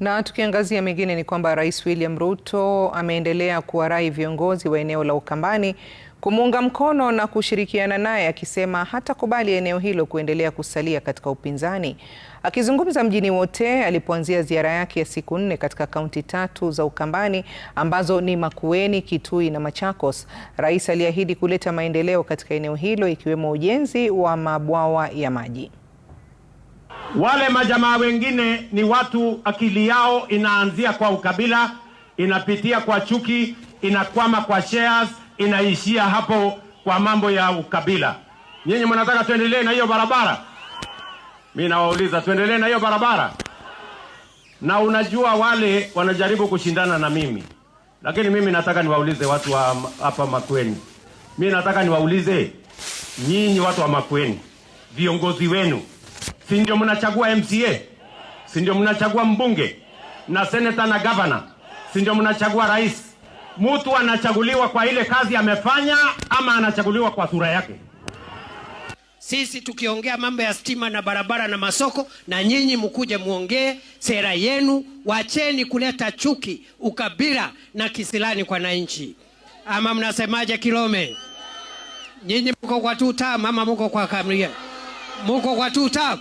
Na tukiangazia mengine ni kwamba Rais William Ruto ameendelea kuwarai viongozi wa eneo la Ukambani kumuunga mkono na kushirikiana naye akisema hatakubali eneo hilo kuendelea kusalia katika upinzani. Akizungumza mjini Wote alipoanzia ziara yake ya siku nne katika kaunti tatu za Ukambani ambazo ni Makueni, Kitui na Machakos, rais aliahidi kuleta maendeleo katika eneo hilo ikiwemo ujenzi wa mabwawa ya maji. Wale majamaa wengine ni watu akili yao inaanzia kwa ukabila, inapitia kwa chuki, inakwama kwa shares, inaishia hapo kwa mambo ya ukabila. Nyinyi mnataka tuendelee na hiyo barabara? Mi nawauliza tuendelee na hiyo barabara? Na unajua wale wanajaribu kushindana na mimi, lakini mimi nataka niwaulize watu wa hapa Makueni, mi nataka niwaulize nyinyi watu wa Makueni, viongozi wenu si ndio mnachagua MCA, si ndio mnachagua mbunge na seneta na gavana, si ndio mnachagua rais? Mtu anachaguliwa kwa ile kazi amefanya ama anachaguliwa kwa sura yake? Sisi tukiongea mambo ya stima na barabara na masoko, na nyinyi mkuje muongee sera yenu. Wacheni kuleta chuki, ukabila na kisilani kwa wananchi. Ama mnasemaje, Kilome? Nyinyi mko kwa tuta, mama mko kwa kamria? Mko kwa tuta.